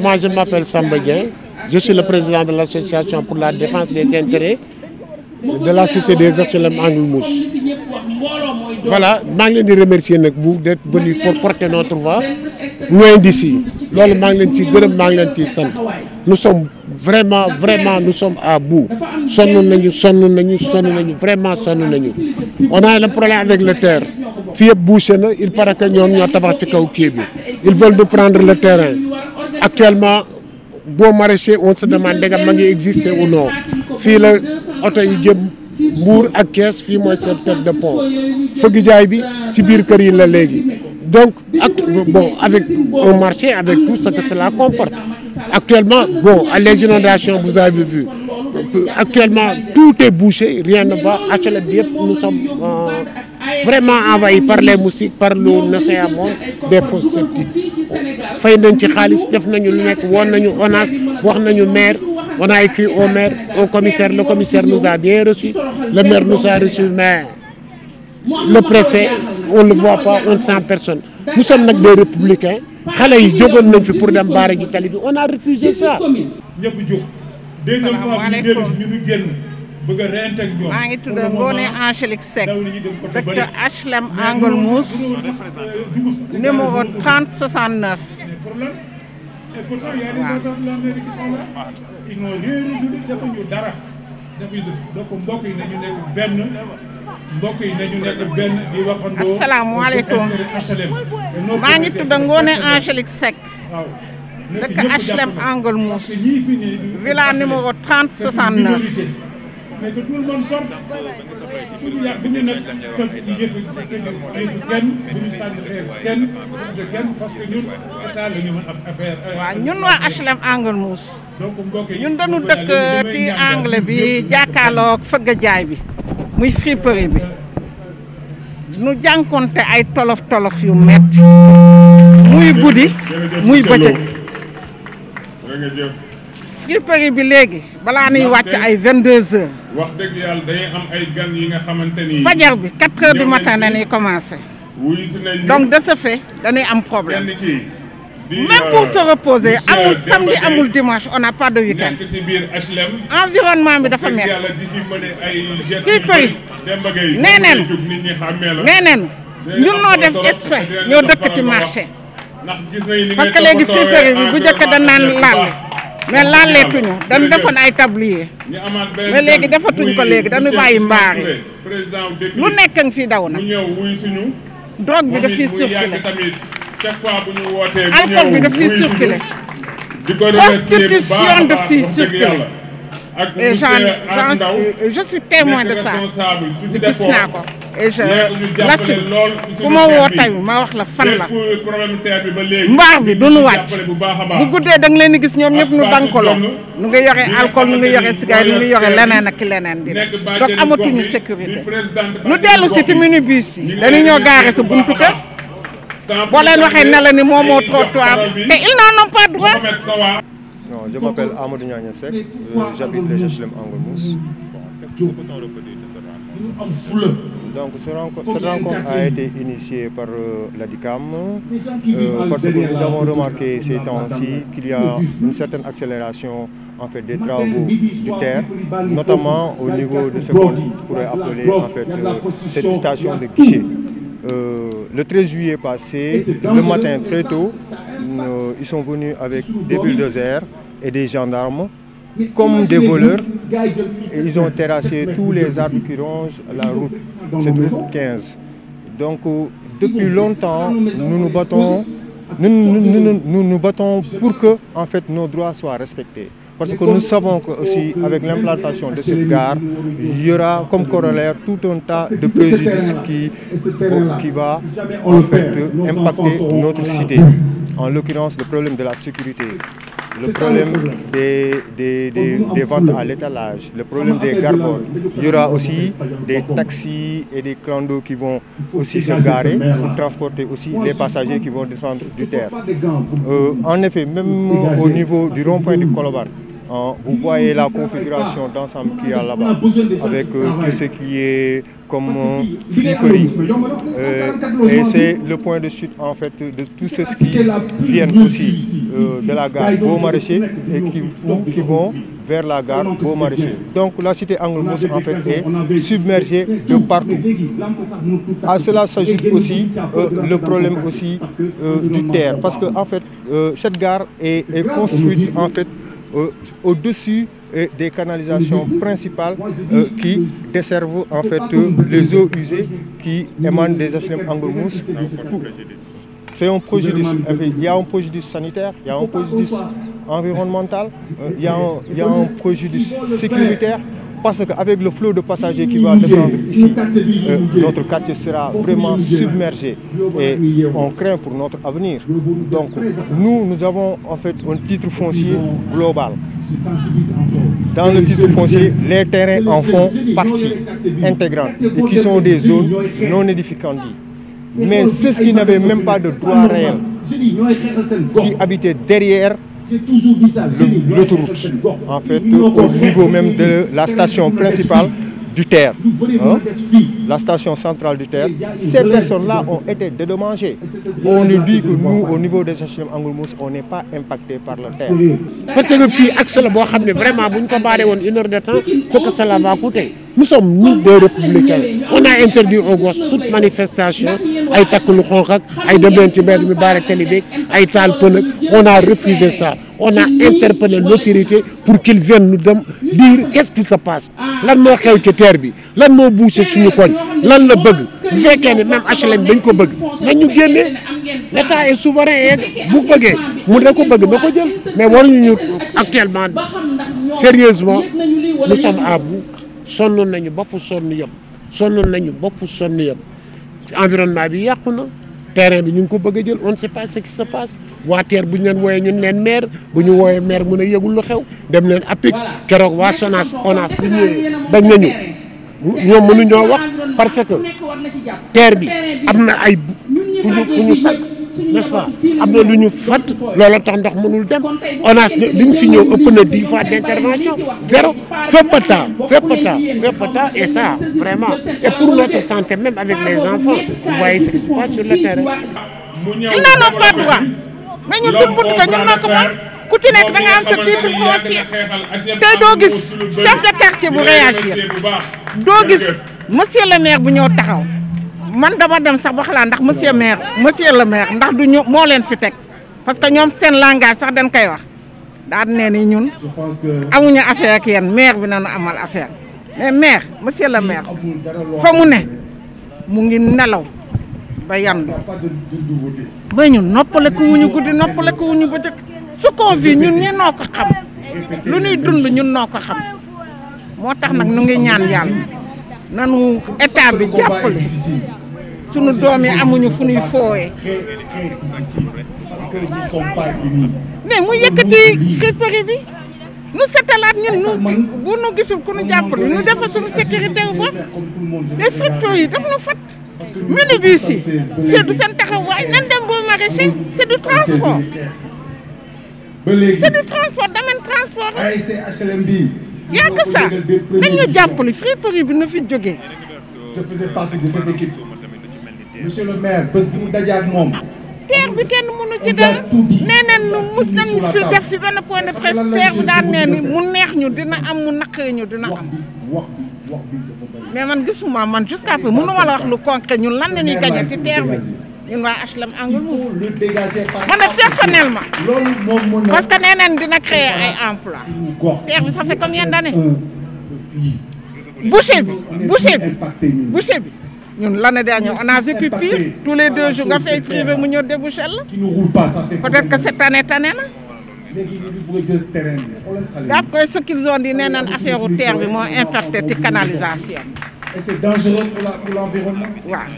Moi, je m'appelle Samba Dieng. Je suis le président de l'association pour la défense des intérêts de la cité des HLM Angle Mousse. Voilà, maa ngi leen di remercier nag vous d'être venu pour porter notre voix loin d'ici. Loolu maa ngi leen ci gërëm maa ngi leen ci sant. Nous sommes vraiment vraiment nous sommes à bout. Sonn nañu sonn nañu sonn nañu vraiment sonn nañu. On a un problème avec le terre. Fii yëpp bouché na, il paraît que ñoom ñoo tabax ci kaw kii bi. Ils veulent nous prendre le terrain. actuellement boo maraîcher on se demande ndegam ma ngi exister ou non fii la oto yi jëm Mbour ak Kees fii mooy seen tête de pont fëgg jaay bi ci biir kër la léegi donc ak bon avec un marché avec tout ce que cela comporte actuellement bon les inondations vous avez vu actuellement tout est bouché rien ne va HLM bi yëpp nous vraiment envahis par les moustiques par l'eau nauséabonde des fosses septiques fay nañ ci xaalis def nañu lu nekk woon nañu ONAS wax nañu maire on a écrit au maire au commissaire le commissaire nous a bien reçu le maire nous a reçu mais le préfet on le voit pas on personne nous sommes nag des républicains xale yi jógoon nañ fi pour dem baara ji on a refusé ça. bëgg a réintégrer ñoom maa ngi tudd Ngoné Angélique Seck dëkk HLM Angle Mousse a mbokk yi nañu yi nañu nekk benn maa ngi tudd Ngoné Angélique Seck. waaw dëkk HLM Angle Mousse villa numéro 30 69. mais que tout le ñu yàq bu euh, ñun waa HLM Angle Mousse. ñun dañu dëkk ci angle bi jàkkaarloog fëgg jaay bi muy friperie bi nu jànkonte ay tolof tolof yu metti muy guddi muy bëccëg. friperie bi léegi balaa nuy wàcc ay vingt deux heures yi nga xamante ni fajar bi quatre heures du matin dañuy commencé wuyu donc de ce fait am problème même pour se reposer amul samedi amul dimanche on n'a pas de week ci biir HLM environnement bi dafa mel yàlla di ci mën ay noo def exprès ñoo dëkk ci marché parce que léegi friperie bi bu njëkk da naan laal mais laaleetuñu dañ defoon ay tablier mais léegi defatuñ ko léegi dañu bàyyi mbaar yi lu nekk nga fi daw na drogue bi daf fiy circulé alcool bi daf fiy circulé prostitution daf fiy circulé et j'en euh, je suis témoin de ça gis naa ko et je l'assume ku ma woo tey ma wax la fan la mbaar bi du nu wàcc bu guddee da nga leen di gis ñoom ñëpp nu bankoloo nu ngi yoxe alcool nu ngi yoxe cigare nu ngi yoxe leneen ak leneen di donc amatuñu sécurité nu dellu si ci minibus yi dañu ñëw gaare sa buntu kër boo leen waxee ne la ni moom moo trottoir te ils naa ont pas droit non je m'appelle Amadou Niagne Seck euh, j'habite les Donc ce rencontre, a été initié par euh, l'ADICAM euh, parce que nous avons remarqué ces temps-ci qu'il y a une certaine accélération des travaux du terre, notamment au niveau de ce qu'on pourrait appeler euh, cette station de guichet. Euh, le juillet passé, le matin très tôt, ils sont venus avec des bulldozers et des gendarmes comme des voleurs Et ils ont terrassé tous les arbres qui rongent la route, cette route Donc, euh, depuis longtemps, nous nous battons, pour que en fait, nos droits soient respectés. Parce que nous savons que aussi avec l'implantation de cette gare, il y aura comme corollaire tout un tas de préjudices qui va en fait impacter notre cité. En l'occurrence, le problème de la sécurité. le problème des, des, des, des ventes à l'étalage, le problème des gargoles. Il y aura aussi des taxis et des clandos qui vont aussi se garer pour transporter aussi les passagers qui vont descendre du terre. Euh, en effet, même au niveau du rond-point Colobar, vous voyez la configuration d'ensemble qu'il a là-bas, avec euh, tout ce qui est comme euh, friperie. Euh, et c'est le point de chute en fait de tous ceux qui viennent aussi de la gare Beau et qui, vont vers la gare Beau Donc la cité anglo est submergée de partout. À cela s'ajoute aussi le problème aussi du terre, parce que cette gare est construite en fait Euh, au-dessus euh, des canalisations principales euh, qui desservent en fait les eaux usées qui émanent des HLM Angle Mousse. C'est un préjudice. Il y a un préjudice sanitaire, il y a un préjudice environnemental, il y a un, il y a un préjudice sécuritaire. parce que qu'avec le flot de passagers qui va descendre ici, euh, notre quartier sera vraiment submergé et on craint pour notre avenir. Donc nous, avons en fait un titre foncier global. Dans le titre foncier, les terrains en font partie intégrante et qui sont des zones non édificantes. Mais c'est ce qui n'avait même pas de droit réel, qui habitait derrière l'autoroute. En fait, au niveau même de la station principale, du terre, la station centrale du terre, ces personnes la ont été dédommagées. On nous dit que nous, au niveau des HLM Angle Mousse, on n'est pas impacté par la terre. Parce que fii accès la boo xam ne vraiment bu ñu ko baaree woon une heure de temps ce que cela va nous sommes nous des républicains on a interdit aux toute manifestation ay takk lu xonq ak ay dem leen ci mbedd mi on a refusé ça on a interpellé l'autorité pour qu'il vienne nous dem dire qu'est-ce qui se passe lan moo xew ci teer bi lan moo bouché suñu koñ lan la bëgg bu fekkee ne même HLM dañ ko bëgg na ñu génne l'État est souverain et bu bëggee mu da ko bëgg ba ko jël mais waruñu ñu actuellement sérieusement nous sommes à bout sonnoon nañu bopp sonn yem sonnoon nañu bopp sonn yem environnement bi yàqu na terrain bi ñu ngi ko bëgg jël on ne sait pas ce qui se passe waa TER bu ñu leen wooyee ñun leen maire bu ñu wooyee maire mun a yëgul lu xew dem leen APIX keroog waa SONAS ONAS bu ñëwee dañ nañu ñoom mënuñoo wax parce que TER bi am na ay fu ñu fu ñu sakk n'est-ce am na lu ñu fatt loola tax ndox mënul dem ONAS li ñu fi ñëw ëpp na dix d'intervention zéro fépp a taa fépp a taa et ça vraiment et pour notre santé même avec les enfants vous voyez ce qui se passe sur le mais ñun suñu buntu ko ñun noo ko moom ku ci nekk am sa titre foncier te doo gis chef de quartier bu réagir doo gis monsieur le maire bu ñëw taxaw man dama dem sax bu xalaa ndax monsieur maire monsieur le maire ndax du ñu moo leen fi teg parce que ñoom seen langage sax dañ koy wax daan ne ni ñun amuñu affaire ak yéen maire bi nañu amal affaire mais maire monsieur le maire fa mu ne mu ngi nelaw ba yandu ba ñu noppaleku wuñu guddi noppaleku wuñu ba jëkk sukkoon bi ñun ñi noo ko xam lu ñuy dund ñun noo ko xam moo tax nag nu ngi ñaan yàlla nanu état bi jàppale sunu doom yi amuñu fu ñuy fooyee mais mu yëkkati sécurité bi nu setalaat ñun nu bu nu gisul ku nu jàppale nu defal sunu sécurité bu bopp mais fripeaux yi daf nu fat minibus yi c'est du seen taxawaay nan dem boo maraîcher c'est du transport c'est transport domaine transport yàgg sa nañu jàppale friperie bi na fi jógee je faisais partie de cette équipe moom terre bi kenn mënu ci dara nee neen nu mus nañu fi def fi benn point de presse terre bi daan nee mu neex ñu dina am mu naqari ñu dina am mais man gisuma man jusqu'à peu mënu ma la wax lu concret ñun lan la ñuy gagné ci terre bi ñun waa HLM Angle Mousse man nag personnellement parce que nee neen dina créer ay emploi terre bi ça fait combien d'années boucher bi bi boucher bi ñun l'année dernière on a vécu pire tous les deux jours nga fay privé mu ñëw déboucher la peut-être que cette année tane na léegi ñu ngi bëgg a jël terrain bi yi. nee naan affaire ru terre bi moo impacté ci canalisation. et c'est dangereux la waaw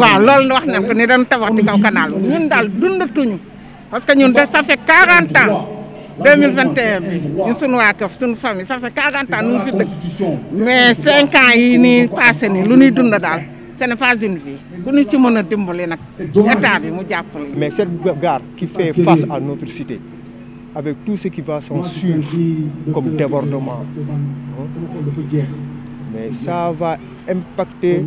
waaw loolu wax nañ ko ni dañ tabax ci kaw canal bi ñun daal dundatuñu. parce que ñun de ça fait 40 ans 2021 bi ñun suñu waa kër suñu famille ça fait 40 ans ñu fi dëkk mais 5 ans yi ni passé nii lu ñuy dund daal se n'est pas une vie bu ci mën a dimbali nag état bi mu jàppale. mais cette gare qui fait ah, face à notre cité. avec tout ce qui va s'en suivre comme débordement. Mais ça va impacter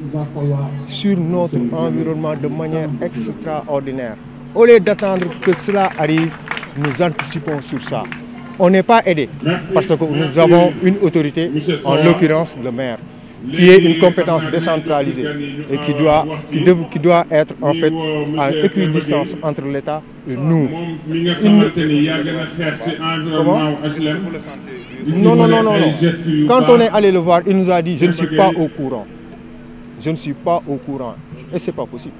sur notre environnement de manière extraordinaire. Au lieu d'attendre que cela arrive, nous anticipons sur ça. On n'est pas aidé parce que nous avons une autorité, en l'occurrence le maire. qui est une compétence décentralisée et qui doit, qui, de, qui doit être en fait à équidistance entre l'État et nous. Une... Comment non, non, non, non, non. Quand on est allé le voir, il nous a dit, je ne suis pas au courant. Je ne suis pas au courant. Et ce n'est pas possible.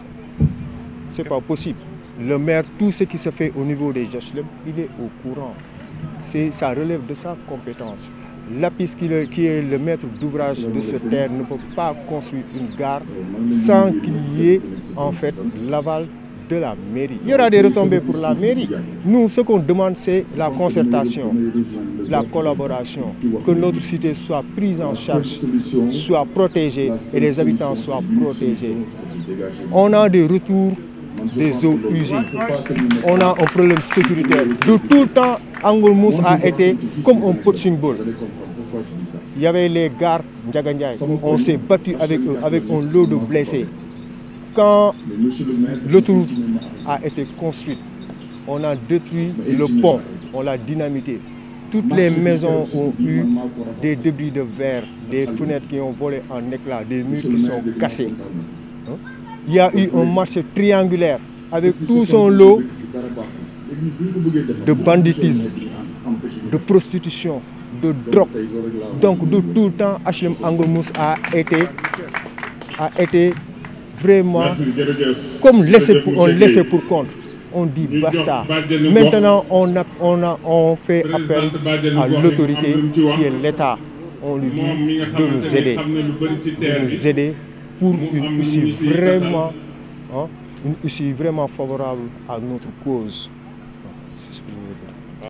Ce n'est pas possible. Le maire, tout ce qui se fait au niveau des HLM, il est au courant. Ça relève de sa compétence. Lapis, qui, est le maître d'ouvrage de cette terre, ne peut pas construire une gare sans qu'il y ait en fait l'aval de la mairie. Il y aura des retombées pour la mairie. Nous, ce qu'on demande, c'est la concertation, la collaboration, que notre cité soit prise en charge, et les habitants soient protégés. On a des retours des eaux usées. On a un problème sécuritaire de tout le temps Angoul Mousse a été comme un punching ball. Il avait les gardes Ndiagandiaï. On s'est battu avec eux, avec un lot de blessés. Quand l'autoroute a été construite, on a détruit le pont, on l'a dynamité. Toutes les maisons ont eu des débris de verre, des fenêtres qui ont volé en éclats, des murs qui sont cassés. Il y a eu un marché triangulaire avec tout son lot de banditisme de prostitution de drogue donc de tout le temps HLM Angle a été vraiment comme laissé pour on on dit basta maintenant on a on a on fait appel à l'autorité qui est l'État on lui dit de nous aider pour une vraiment hein, vraiment favorable à notre cause